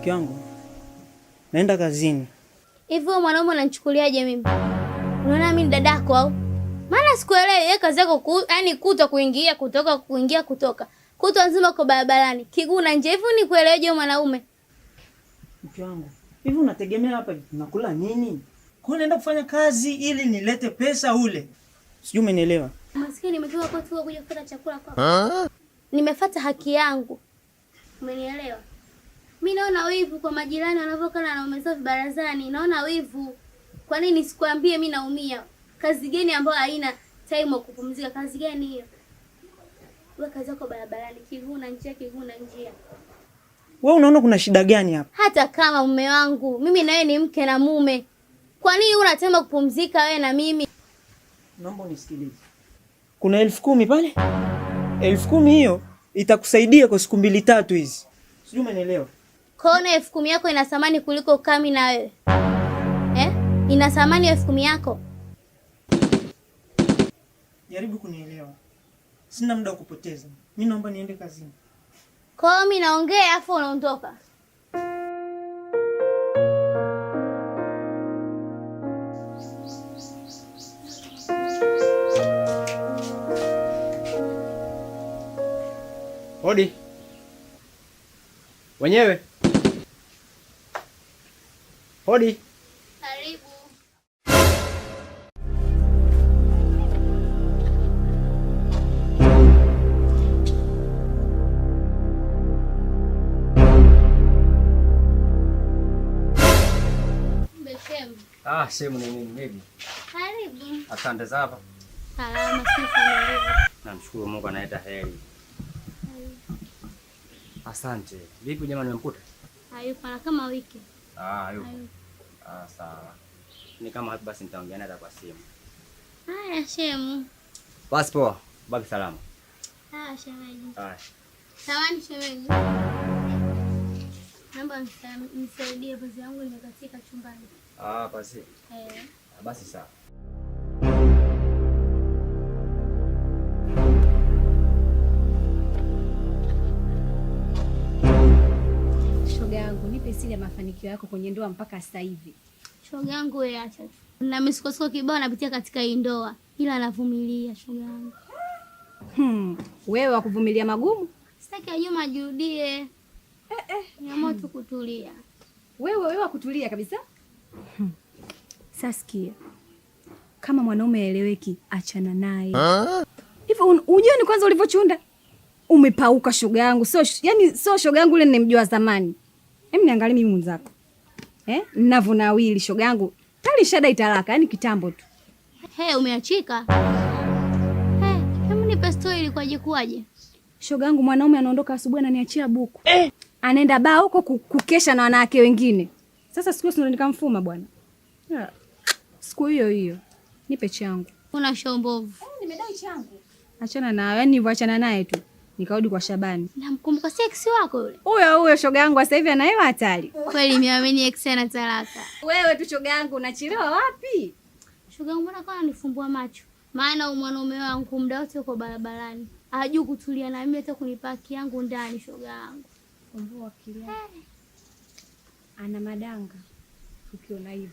mke wangu, naenda kazini. Hivyo wewe mwanaume unanichukuliaje mimi? Unaona mimi ni dadako au? Maana sikuelewi yeye kazi yako ku, yani kuto kuingia kutoka kuingia kutoka. Kuto nzima kwa barabarani. Kiguna nje hivi kuelewa je mwanaume? Mke wangu, hivi unategemea hapa tunakula nini? Kwa naenda kufanya kazi ili nilete pesa ule. Sijui umenielewa. Maskini nimetoka kwa tu kuja kupata chakula kwako. Nimefuata haki yangu. Umenielewa? mi naona wivu kwa majirani wanavyokaa na wanaume zao vibarazani, naona wivu. Kwa nini sikuambie? Mi naumia. Kazi gani ambayo haina time ya kupumzika? Kazi gani hiyo? We kazi yako barabarani, kivuna njia, kivuna njia. We unaona kuna shida gani hapa? Hata kama mume wangu mimi na ni mke na mume, kwa nini unatema kupumzika wewe na mimi? Naomba unisikilize, kuna elfu kumi pale, elfu kumi hiyo itakusaidia kwa siku mbili tatu hizi, sijui umenielewa? kona elfu kumi yako ina thamani kuliko kami na wewe eh? Ina thamani elfu kumi yako? Jaribu kunielewa, sina muda wa kupoteza. Mi naomba niende kazini. Kwa hiyo mi naongea afu unaondoka. Hodi wenyewe Hodi. Karibu. Ah, sehemu ni nini bibi? Karibu. Asante sana. Salama na Namshukuru Mungu analeta heri. Asante. Vipi jamani nimemkuta? Hayupo kama wiki. Ah, hayupo. Ah, sawa. Ni kama hapo basi nitaongea hata kwa simu. Haya, shemu. Basi poa. Baki salama. Haya, shemeji. Ah. Samahani shemeji. Naomba nisaidie, pasi yangu imekatika chumbani. Ah, pasi. Eh. Ah, basi sawa. shoga yangu, nipe siri ya mafanikio yako kwenye ndoa mpaka sasa hivi. Shoga yangu wewe, acha na misukosuko kibao napitia katika hii ndoa, ila anavumilia shoga yangu. Hmm, wewe wa kuvumilia magumu? Sitaki ajuma ajirudie. Eh, eh. Niamua tu kutulia. Wewe wewe wa kutulia kabisa. Hmm. Sasikia kama mwanaume aeleweki, achana naye hivyo. Unajua ni kwanza ulivyochunda, umepauka shoga yangu. So yani, sio shoga yangu ule nimemjua zamani. Hem, niangalie mimi mwenzako. Eh? Ninavyonawili shoga yangu. Tali shada italaka, yani kitambo tu. He, umeachika. He, hebu nipe story ilikuwaje kuwaje? Shoga yangu mwanaume anaondoka asubuhi ananiachia buku. Eh. Anaenda baa huko kukesha na wanawake wengine. Sasa siku hiyo nikamfuma bwana. Yeah. Siku hiyo hiyo. Nipe changu. Kuna shombovu. Hey, yaani nimedai changu. Achana nayo, yani niwaachana naye tu nikarudi kwa Shabani. Namkumbuka si ex wako yule? Huyo huyo shoga yangu sasa hivi ana hela hatari. Kweli miamini ex ana talaka. Wewe tu shoga yangu unachelewa wapi? Shoga yangu mbona kana nifumbua macho? Maana mwanaume wangu muda wote uko barabarani. Hajui kutulia na mimi hata kunipaki yangu ndani shoga yangu. Kumbuka akili yake. Eh. Ana madanga ukiona hivyo.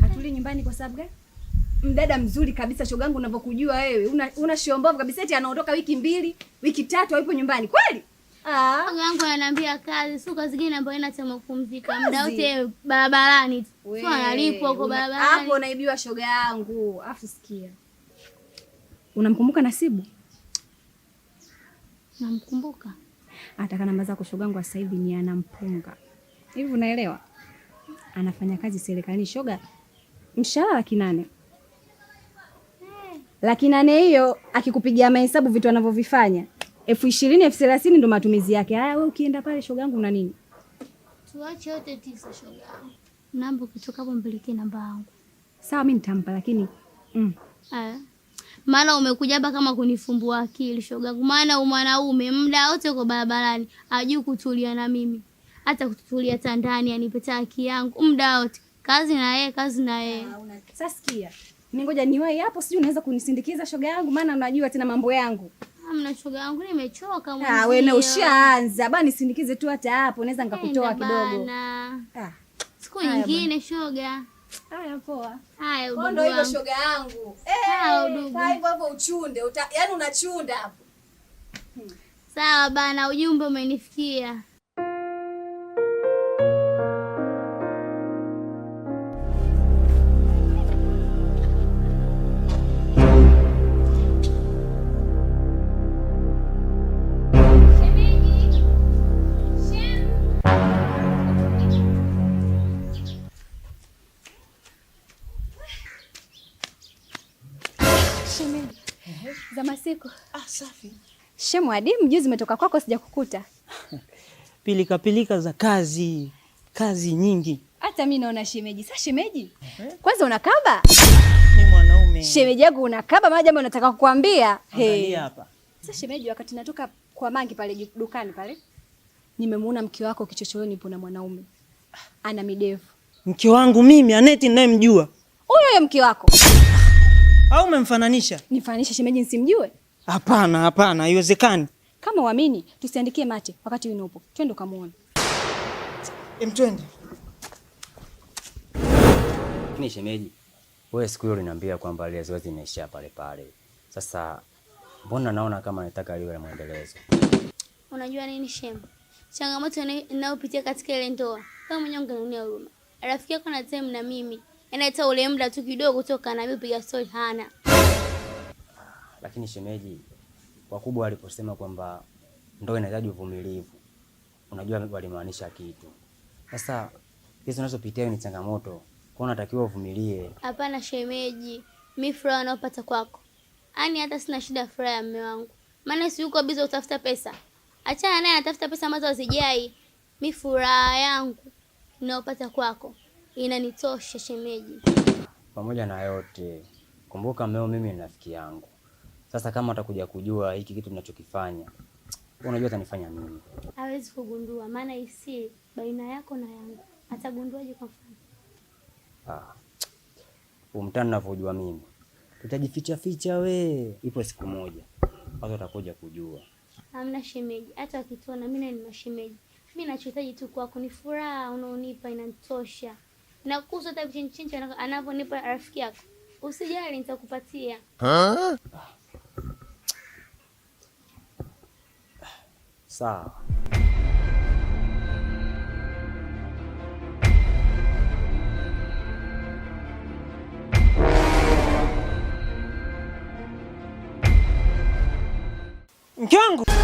Hatuli nyumbani kwa sababu gani? mdada mzuri kabisa, shogangu, unavyokujua wewe una, una shiombovu kabisa, eti anaondoka wiki mbili wiki tatu, haipo nyumbani kweli. Ah. Shogangu ananiambia kazi, sio kazi gani ambayo ina cha mapumzika, muda wote barabarani, sio analipwa huko barabarani. Hapo unaibiwa shoga yangu. Afu sikia, unamkumbuka Nasibu? Namkumbuka. Ataka namba zako shogangu, sasa hivi ni anampunga hivi, unaelewa? Anafanya kazi serikalini shoga, mshahara laki nane laki nane hiyo akikupigia mahesabu vitu anavyovifanya elfu ishirini elfu thelathini ndo matumizi yake. Haya, we ukienda pale shoga yangu una nini, tuache yote tisa shogangu. Namba ukitoka hapo mpelekee namba yangu. Sawa, mi nitampa lakini mm. Aya, maana umekuja hapa kama kunifumbua akili shogangu, maana umwanaume muda wote uko barabarani, ajui kutulia na mimi hata kutulia tandani, anipeta haki yangu muda wote, kazi na yeye, kazi na yeye. Sasa sikia mimi ngoja niwahi hapo, sijui unaweza kunisindikiza shoga yangu, maana unajua tena mambo yangu. Hamna ah, shoga yangu, nimechoka mwanzo. Ah, wewe ushaanza. Bana nisindikize tu hata hapo, naweza nikakutoa kidogo. Ah. Siku nyingine shoga. Haya poa. Haya udugu. Ndio hiyo shoga yangu. Eh, udugu. Hivyo hapo uchunde. Yaani unachunda hapo. Hmm. Sawa bana, ujumbe umenifikia. za masiko. Ah, safi. Shemu adimu, mjuzi zimetoka kwako kukuta Pilika pilika za kazi, kazi nyingi. Hata mimi naona shemeji. Sasa shemeji, kwanza unakaba? Ni mwanaume. Shemeji yangu unakaba, maana jambo nataka kukuambia. Hey. Sasa shemeji, wakati natoka kwa mangi pale dukani pale, nimemuona mke wako kichochoroni ipo mwanaume. Ana midevu. Mke wangu mimi Aneti ninayemjua. Huyo huyo mke wako au umemfananisha? Nifananishe shemeji nisimjue? Hapana, hapana, haiwezekani. Kama uamini, tusiandikie mate wakati wewe upo. Twende ukamuone. twende. Ni shemeji. Wewe siku hiyo uliniambia kwamba ile zoezi imeisha pale pale. Sasa mbona naona kama nataka iwe muendelezo? Unajua nini shemu? Changamoto ninayopitia katika ile ndoa. Kama mwenyewe ungenunia huruma. Rafiki yako na Tem na mimi Yaani hata ule muda tu kidogo toka na mimi piga stori hana. Lakini shemeji, wakubwa waliposema kwamba ndoa inahitaji uvumilivu, unajua walimaanisha kitu. Sasa hizo unazopitia ni changamoto, kwa hiyo unatakiwa uvumilie. Hapana shemeji, mi furaha naopata kwako, yaani hata sina shida furaha ya mume wangu, maana si yuko bizo utafuta pesa. Achana naye, anatafuta pesa ambazo hazijai. Mi furaha yangu naopata kwako Inanitosha shemeji. Pamoja na yote, kumbuka mmeo, mimi ni rafiki yangu. Sasa kama atakuja kujua hiki kitu ninachokifanya, unajua atanifanya nini? Hawezi kugundua, maana isi baina yako na yangu, atagunduaje? Kwa mfano ah, umtani navyojua mimi, tutajificha ficha. We, ipo siku moja watu watakuja kujua. Hamna shemeji, hata wakituona mimi na ni Mimi nachohitaji tu kwako ni furaha unaonipa, inanitosha nakuhusu hata chini anavyonipa rafiki yako. Usijali, nitakupatia. Sawa. Mke wangu